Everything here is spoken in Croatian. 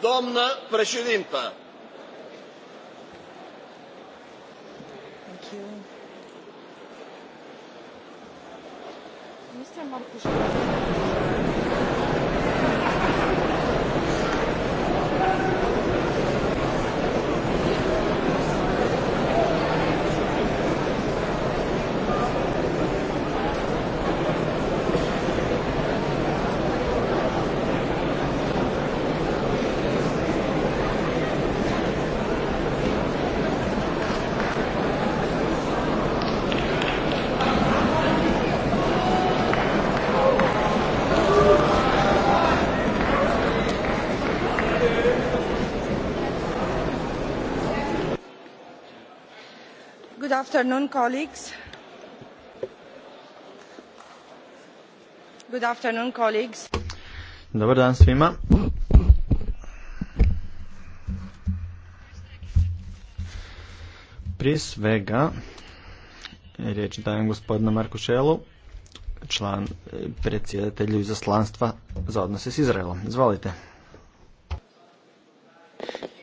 Doamnă președintă! Good afternoon, colleagues. Good afternoon, colleagues. Dobar dan svima. Prije svega, riječ dajem gospodinu Marku Šelu, član predsjedatelju izaslanstva za odnose s Izraelom. Izvolite.